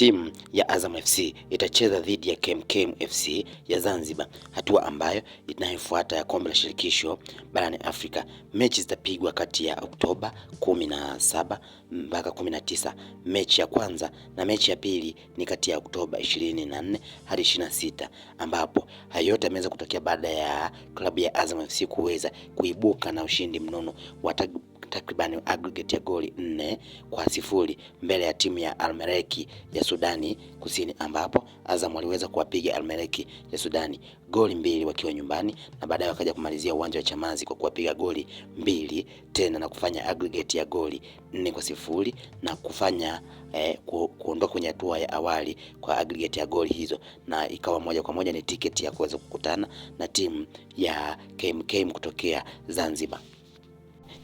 timu ya Azam FC itacheza dhidi ya KMKM FC ya Zanzibar, hatua ambayo inayofuata ya kombe la shirikisho barani Afrika. Mechi zitapigwa kati ya Oktoba 17 mpaka 19, mechi ya kwanza na mechi ya pili ni kati ya Oktoba 24 hadi 26, ambapo hayo yote yameweza kutokea baada ya klabu ya Azam FC kuweza kuibuka na ushindi mnono wa takriban aggregate ya goli nne kwa sifuri mbele ya timu ya Almereki ya Sudani Kusini, ambapo Azam waliweza kuwapiga Almereki ya Sudani goli mbili wakiwa nyumbani na baadaye wakaja kumalizia uwanja wa Chamazi kwa kuwapiga goli mbili tena na kufanya aggregate ya goli nne kwa sifuri na kufanya eh, ku, kuondoka kwenye hatua ya awali kwa aggregate ya goli hizo, na ikawa moja kwa moja ni tiketi ya kuweza kukutana na timu ya KMKM kutokea Zanzibar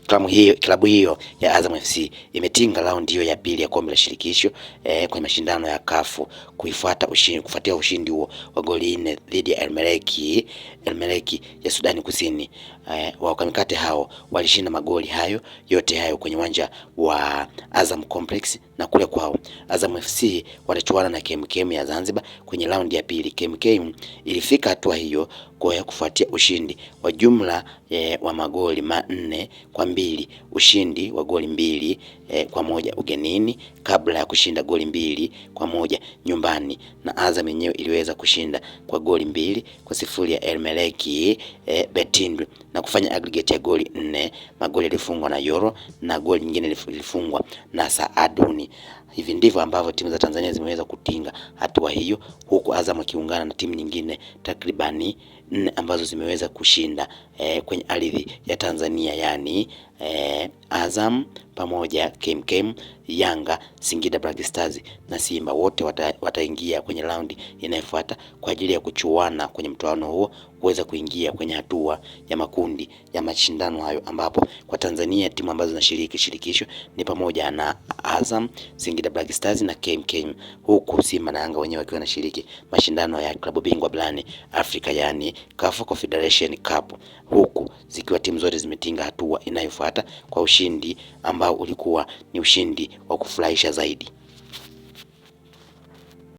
klabu hiyo, klabu hiyo ya Azam FC imetinga raundi hiyo ya pili ya kombe la shirikisho eh, kwenye mashindano ya kafu kuifuata ushindi, kufuatia ushindi huo wa goli nne dhidi ya Elmereki Elmeleki ya Sudani Kusini. Eh, wakamikate hao walishinda magoli hayo yote hayo kwenye uwanja wa Azam Complex na kule kwao Azam FC watachuana na KMKM ya Zanzibar kwenye raundi ya pili. KMKM ilifika hatua hiyo kwa kufuatia ushindi wa jumla e, wa magoli manne kwa mbili, ushindi wa goli mbili e, kwa moja ugenini kabla ya kushinda goli mbili kwa moja nyumbani, na Azam yenyewe iliweza kushinda kwa goli mbili kwa sifuri ya Elmeleki e, eh, Betindwe na kufanya aggregate ya goli nne. Magoli yalifungwa na Yoro na goli nyingine lifungwa na Saaduni. Hivi ndivyo ambavyo timu za Tanzania zimeweza kutinga hatua hiyo, huku Azam akiungana na timu nyingine takribani nne ambazo zimeweza kushinda eh, kwenye ardhi ya Tanzania yani eh, Azam pamoja KMKM, Yanga, Singida Black Stars na Simba wote wata, wataingia kwenye raundi inayofuata kwa ajili ya kuchuana kwenye mtoano huo kuweza kuingia kwenye hatua ya makundi ya mashindano hayo, ambapo kwa Tanzania timu ambazo zinashiriki shirikisho ni pamoja na Azam, Singida Singida Black Stars na KMKM, huku Simba na Yanga wenyewe wakiwa wanashiriki mashindano ya klabu bingwa barani Afrika yani CAF Confederation Cup, huku zikiwa timu zote zimetinga hatua inayofuata kwa ushindi ambao ulikuwa ni ushindi wa kufurahisha zaidi.